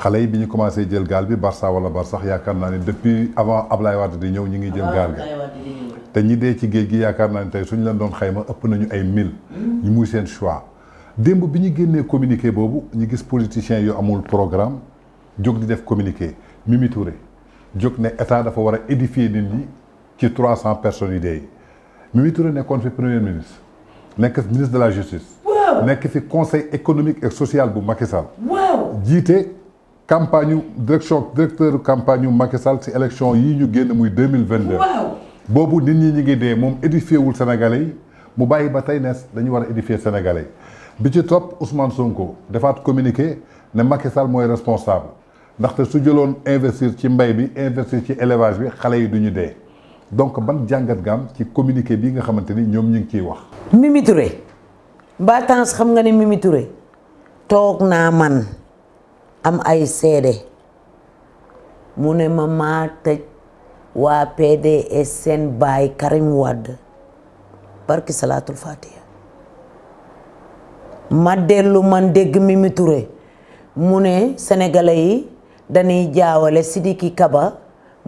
xalé biñu commencé bi Barça wala depuis avant Ablaye Wade di ñew ñi ngi jël gal te ñi dé ci suñu doon ëpp nañu ay hmm. muy choix demb biñu communiqué gis politiciens amul programme di def Mimi Touré état dafa édifier ci 300 personnes premier ministre ministre de la justice fi conseil économique et social bu Macky Sall campagne direction directeur campagne Macky Sall ci élection yi ñu génn muy 2022 mille nit ñi ñi ngi dé mom édifié wul Sénégalais yi mu nest ba tey nees dañu wara édifier Sénégalais bi ci top Ousmane Sonko defaat communiquer né Macky Sall moy responsable ndaxte su jëlone investir ci mbay bi investir ci élevage bi xalé yi du dé donc ban jangat gam ci communiquer bi nga xamanteni ñom niom ñu ngi ciy wax. Mimi Touré. Ba temps xam nga ne Mimi Touré. tok na man. am ay seede mu ne ma maa tëj waa PDS seen baay Karim Wade barki salaatul fatiha ma dellu man dégg Mimi mu ne senegale yi dañuy jaawale Sidiki Kaba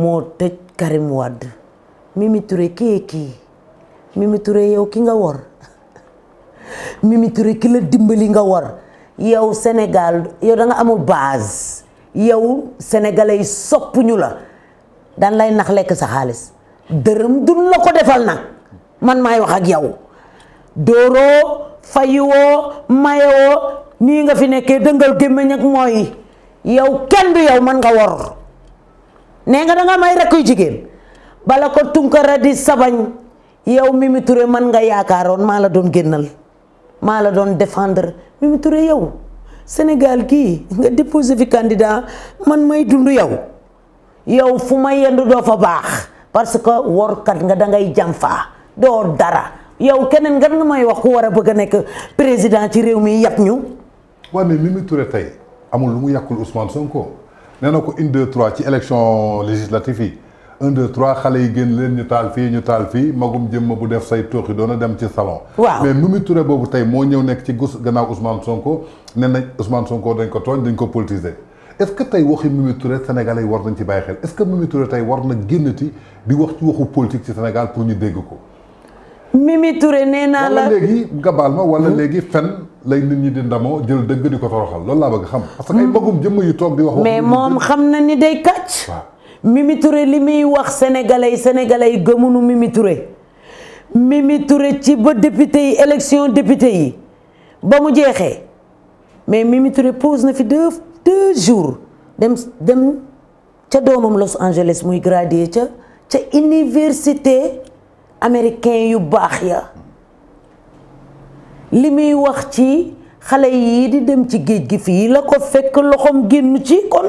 moo tëj Karim Wade Mimi Touré kii kii Mimi ki nga war Mimi ki la dimbali nga war yow Sénégal yow danga nga amul base yow sénégalais yi soppuñu la daan lay nax lekk sa xaalis dërëm dun la ko defal nag man maay wax ak yow dóoroo fayiwoo mayewoo nii nga fi nekkee dëngal gémmiñ ak mooy yow kenn du yow man nga wor nee nga danga nga may rekk yu jigéen bala ko tunkara di sabañ yow Mimi ture man nga yaakaaroon maa la doon génnal maa la doon défendre Mimi Touré yow Sénégal kii nga déposé fi candidat man may dund yow yow fu ma yendu doo fa baax parce que workat nga da ngay jàmfaa doo dara yow keneen nga nga may wax ku war a bëgg a nekk président ci réew mii yàpp ñu. waaw mais mu Touré tey amul lu mu yàqul Ousmane Sonko nee na ko une deux trois ci élection législative yi. un deux trois xalé yi génn leen ñu taal fii ñu taal fii magum jëmm bu def say tooxi doona dem ci salon. waaw mais Mimi Touré boobu tey moo ñëw nekk ci gus gannaaw Ousmane Sonko nee na Ousmane Sonko dañ ko tooñ dañ ko politiser. est-ce que tey waxi Mimi Touré Sénégalais war nañ ci bàyyi xel est-ce que Mimi Touré tey war na génnati di wax ci waxu politique ci Sénégal pour ñu dégg ko. Mimi Touré nee naa la wala léegi gabaal ma wala hmm? léegi fen lay nit ñi di ndamoo jël dëgg di ko toroxal loolu laa bëgg xam. parce que ay magum jëmm yu toog di wax. mais moom xam na ni day kàcc. Mimi Touré li muy wax sénégalais yi sénégalais yi gëmunu Mimi Touré Mimi ci ba député yi élection député yi ba mu jeexee mais Mimi Touré pose na fi deux deux jours dem dem ca doomam Los Angeles muy gradué ca ca université américain yu baax ya li muy wax ci xale yii di dem ci géej gi fii la ko fekk loxoom génn ci kon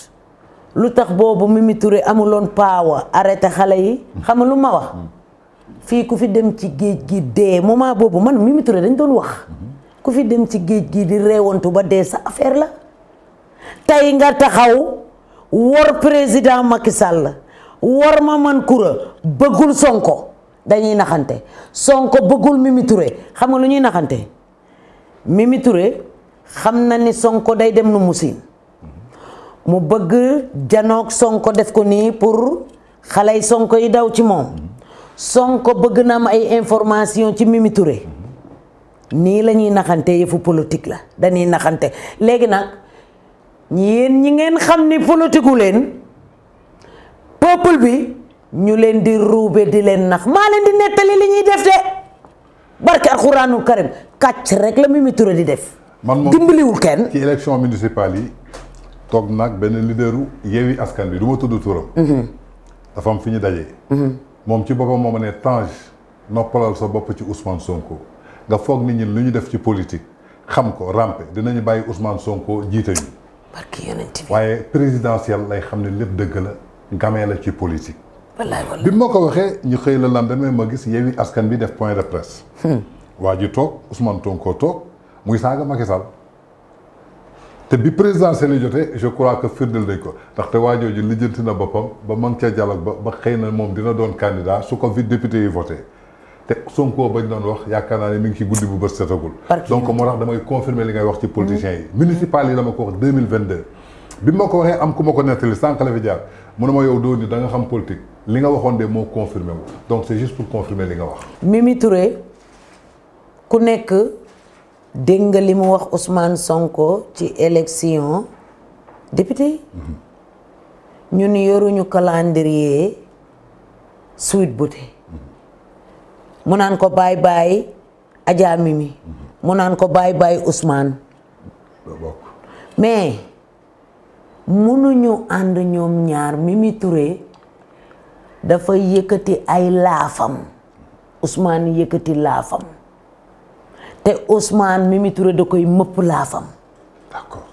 lu tax mimiture Mimi Touré amuloon power arrêté xalé yi xam lu ma wax fii ku fi dem ci geej gi dé moment bobu man Mimi Touré dañ doon wax ku fi dem ci geej gi di réwontu ba dé sa affaire la tay nga taxaw wor président Macky Sall wor ma man kura bëggul Sonko dañuy naxanté Sonko beugul Mimi Touré xam nga lu ñuy naxanté Mimi Touré xam na ni Sonko day dem nu musine mu bëgg janoog Sonko def ko ni pour xale Sonko yi daw ci mom Sonko bëgg na am ay information ci Mimi Touré nii la ñuy naxante yëfu politique la dañuy naxante léegi nak yéen ñi ngeen xamni ni politiku leen peuple bi ñu len di roubé di len nax ma len di netali li ñuy def dé barke alcorane karim katch rek la Mimi Touré di def. dimbali moom dimbaliwul kenn ci élection municipale yi. toog nag benn leaderu Yewwi Askan Wi du ma tudd turam. Mhm. dafa am fi ñu dajee mhm. moom ci boppam moo ma ne Tange noppalal sa bopp ci Ousmane Sonko nga foog ni ñi lu ñu def ci politique xam ko rampe dinañu bàyyi Ousmane Sonko jiite ñu. waaye présidentielle lay xam ne lépp dëgg la gamee la ci politique. wallaay wallaay bi ma ko waxee ñu xëy la lendemain ma gis Yewwi Askan bi def point de presse. Hmm. waa ji toog Ousmane Sonko toog muy saaga Macky Sall. te bi présidentielle yi je crois que firndeel nañ ko ndaxte waa jooju lijjanti na boppam ba man ca dialogue ba ba xëy na moom dina doon candidat su ko vi député yi voté corps Sonko bañ doon wax yaakaar naa ne mi ngi ci guddi bu bët setagul donc moo tax damay confirmer li ngay wax ci mmh. politiciens municipal yi dama ko wax 2022 bi ma ko waxee am ku ma ko nettali sànq la fi jaar mu ne ma yow doo ni da nga xam politique li nga waxoon de moo confirmé donc c'est juste pour confirmer li nga wax Mimi Touré ku nekk dégg nga li mu wax Ousmane Sonko ci élection député mhm. ñun yoruñu calendrier Sweet Beauté mhm. mu ko bye bye Adja Mimi mhm. mu naan ko bye bye Ousmane mais mënuñu and ñom ñaar Mimi Touré dafa yëkëti ay lafam Ousmane mm -hmm. te Ousmane Mimi Touré da koy mëpp laafam. d'accord